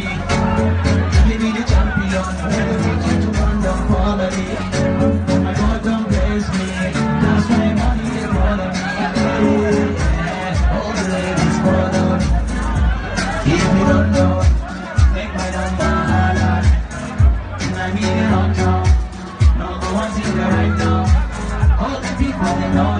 quality. Living the champion, to quality. My God don't me, that's why me. all the ladies follow. If you don't know, my number I'm here on wrong number one's in the right now. All the people they know.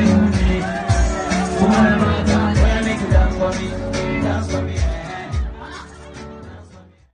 you I'm going dance for me, dance for me.